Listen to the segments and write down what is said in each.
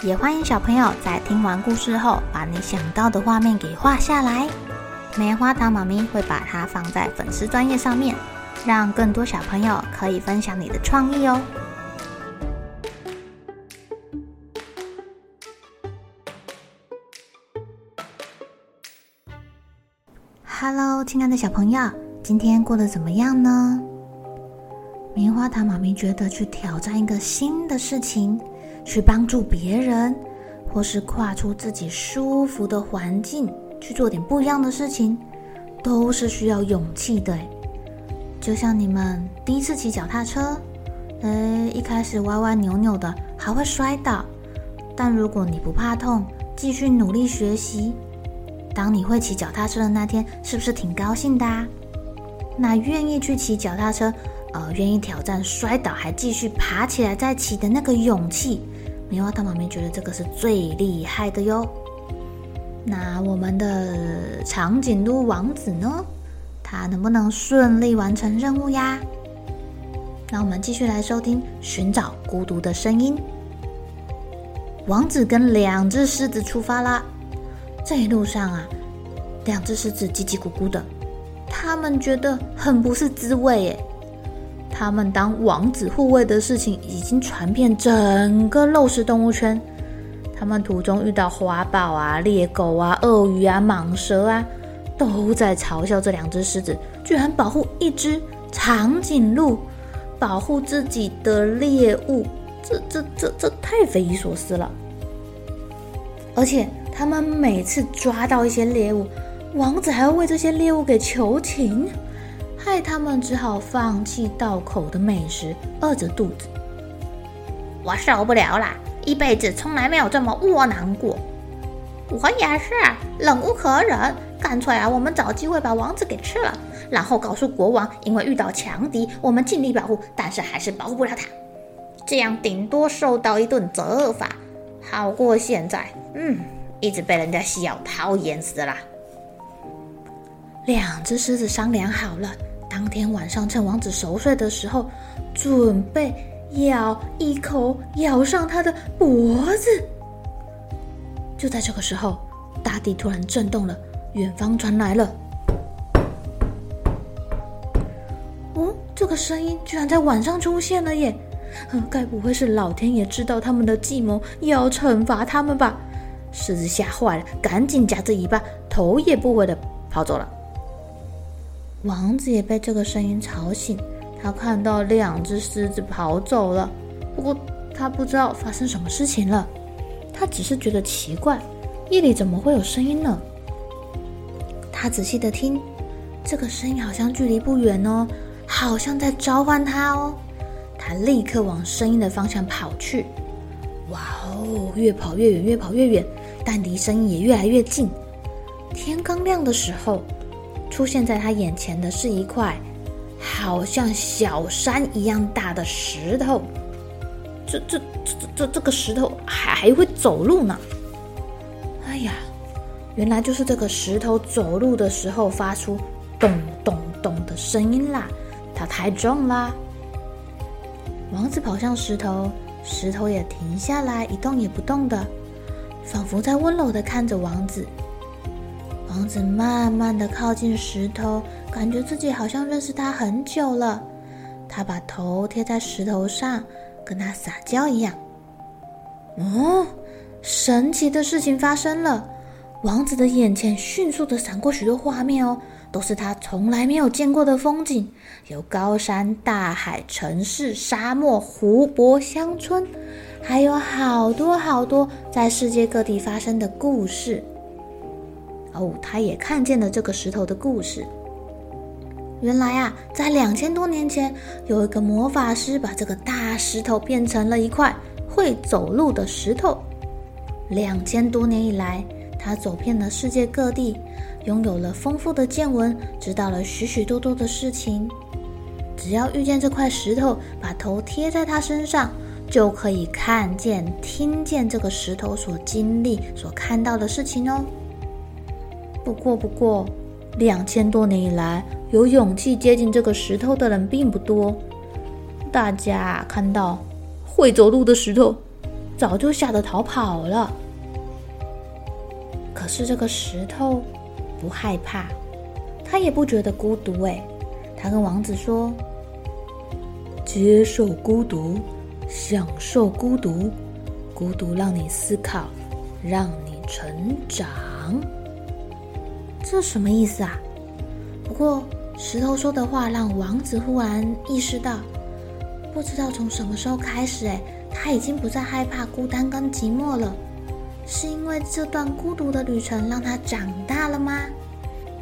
也歡迎小朋友在聽完故事後，把你想到的畫面給畫下來。棉花糖媽咪會把它放在粉絲專頁上面，讓更多小朋友可以分享你的創意哦。Hello，親愛的小朋友，今天過得怎麼樣呢？棉花糖媽咪覺得去挑戰一個新的事情。去幫助別人，或是跨出自己舒服的環境去做點不一樣的事情，都是需要勇氣的。就像你們第一次騎腳踏車，哎，一開始歪歪扭扭的，還會摔倒。但如果你不怕痛，繼續努力學習，當你會騎腳踏車的那天，是不是挺高興的啊？那願意去騎腳踏車，呃，願意挑戰摔倒還繼續爬起來再騎的那個勇氣。棉花糖媽咪覺得這個是最厲害的喲。那我們的長頸鹿王子呢？他能不能順利完成任務呀？那我們繼續來收聽《尋找孤獨的聲音》。王子跟兩隻獅子出發啦。這一路上啊，兩隻獅子嘰嘰咕咕的，他們覺得很不是滋味誒。他們當王子護衛的事情已經傳遍整個肉食動物圈。他們途中遇到花豹啊、獵狗啊、鱷魚啊、蟒蛇啊，都在嘲笑這兩隻獅子居然保護一隻長頸鹿，保護自己的獵物，這、這、這、這太匪夷所思了。而且他們每次抓到一些獵物，王子還要為這些獵物給求情。害他們只好放棄到口的美食，餓着肚子。我受不了啦！一輩子從來沒有這麼窩囊過。我也是，忍無可忍，乾脆啊，我們找機會把王子給吃了，然後告訴國王，因為遇到強敵，我們盡力保護，但是還是保護不了他。這樣頂多受到一頓責罰，好過現在，嗯，一直被人家笑，討厭死啦。兩隻獅子商量好了。當天晚上，趁王子熟睡的時候，準備咬一口，咬上他的脖子。就在這個時候，大地突然震動了，遠方傳來了“哦”。嗯，這個聲音居然在晚上出現了耶！該不會是老天爺知道他們的計謀，要懲罰他們吧？獅子嚇壞了，趕緊夾着尾巴，頭也不回的跑走了。王子也被這個聲音吵醒，他看到兩隻獅子跑走了，不過他不知道發生什麼事情了，他只是覺得奇怪，夜裡怎麼會有聲音呢？他仔細的聽，這個聲音好像距離不遠哦，好像在召喚他哦，他立刻往聲音的方向跑去，哇哦，越跑越遠，越跑越遠，但離聲音也越來越近，天剛亮的時候。出現在他眼前的是一塊，好像小山一樣大的石頭，這這這這這個石頭還還會走路呢！哎呀，原來就是這個石頭走路的時候發出咚咚咚的聲音啦，它太重啦！王子跑向石頭，石頭也停下來一動也不動的，仿佛在溫柔的看着王子。王子慢慢的靠近石頭，感覺自己好像認識他很久了。他把頭貼在石頭上，跟他撒嬌一樣。哦，神奇的事情發生了！王子的眼前迅速的閃過許多畫面哦，都是他從來沒有見過的風景，有高山、大海、城市、沙漠、湖泊、鄉村，還有好多好多在世界各地發生的故事。哦，他也看見了這個石頭的故事。原來啊，在兩千多年前，有一個魔法師把這個大石頭變成了一塊會走路的石頭。兩千多年以來，他走遍了世界各地，擁有了豐富的見聞，知道了許許多多的事情。只要遇見這塊石頭，把頭貼在它身上，就可以看見、聽見這個石頭所經歷、所看到的事情哦。不過，不過，不過，兩千多年以來，有勇氣接近這個石頭的人並不多。大家看到，會走路的石頭早就嚇得逃跑了。可是這個石頭不害怕，他也不覺得孤獨，欸。哎，他跟王子說：“接受孤獨，享受孤獨，孤獨讓你思考，讓你成長。”這什麼意思啊？不過石頭說的話讓王子忽然意識到，不知道從什麼時候開始，誒，他已經不再害怕孤單跟寂寞了。是因為這段孤獨的旅程讓他長大了嗎？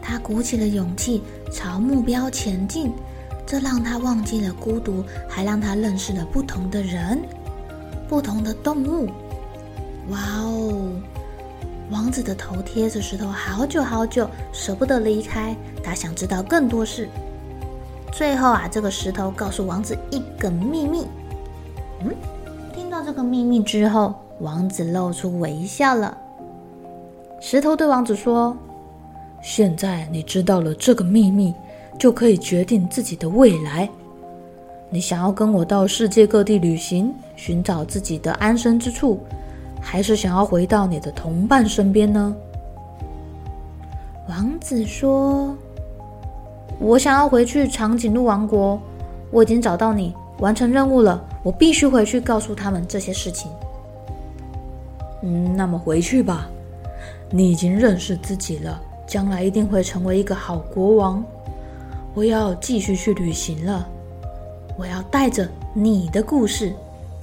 他鼓起了勇氣朝目標前進，這讓他忘記了孤獨，還讓他認識了不同的人、不同的動物。哇哦！王子的頭貼着石頭好久好久，捨不得離開。他想知道更多事。最後啊，這個石頭告訴王子一個秘密。嗯，聽到這個秘密之後，王子露出微笑了。石頭對王子說：“現在你知道了這個秘密，就可以決定自己的未來。你想要跟我到世界各地旅行，尋找自己的安身之處。”還是想要回到你的同伴身邊呢？王子說：“我想要回去長頸鹿王國，我已經找到你，完成任務了。我必須回去告訴他們這些事情。”嗯，那麼回去吧。你已經認識自己了，將來一定會成為一個好國王。我要繼續去旅行了，我要帶着你的故事。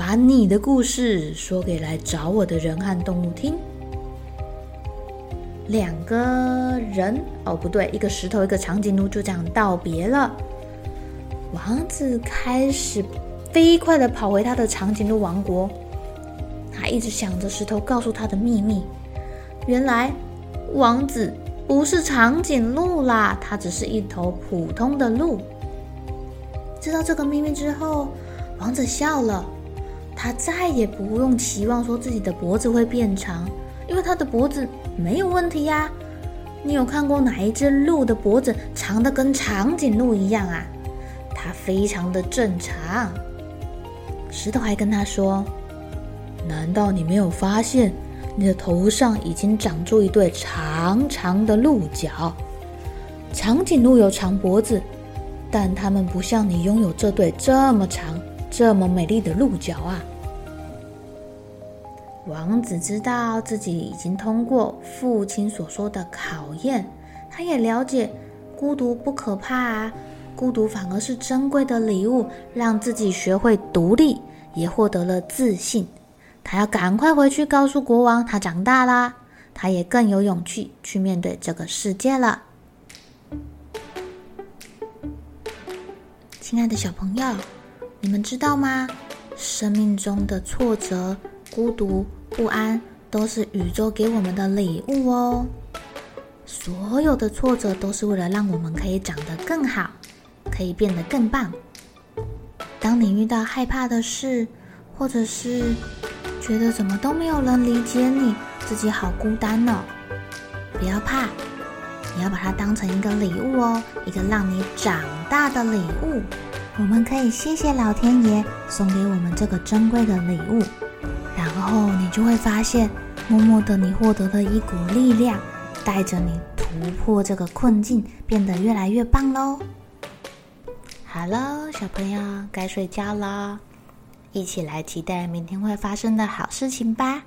把你的故事說給來找我的人和動物聽。兩個人哦，不對，一個石頭，一個長頸鹿，就這樣道別了。王子開始飛快的跑回他的長頸鹿王國，他一直想着石頭告訴他的秘密。原來，王子不是長頸鹿啦，他只是一頭普通的鹿。知道這個秘密之後，王子笑了。他再也不用期望說自己的脖子會變長，因為他的脖子沒有問題呀、啊。你有看過哪一只鹿的脖子長得跟長頸鹿一樣啊？它非常的正常。石頭還跟他說：“難道你沒有發現你的頭上已經長出一對長長的鹿角？長頸鹿有長脖子，但它們不像你擁有這對這麼長、這麼美麗的鹿角啊。”王子知道自己已經通過父親所說的考驗，他也了解孤獨不可怕啊，孤獨反而是珍貴的禮物，讓自己學會獨立，也獲得了自信。他要趕快回去告訴國王，他長大啦，他也更有勇氣去面對這個世界了。親愛的小朋友，你們知道嗎？生命中的挫折。孤獨、不安，都是宇宙給我們的禮物哦。所有的挫折都是為了讓我們可以長得更好，可以變得更棒。當你遇到害怕的事，或者是覺得怎麼都沒有人理解你，自己好孤單呢、哦？不要怕，你要把它當成一個禮物哦，一個讓你長大的禮物。我們可以謝謝老天爺送給我們這個珍貴的禮物。然後你就會發現，默默的你獲得了一股力量，帶着你突破這個困境，變得越來越棒嘍！好嘍，小朋友，該睡覺了，一起來期待明天會發生的好事情吧！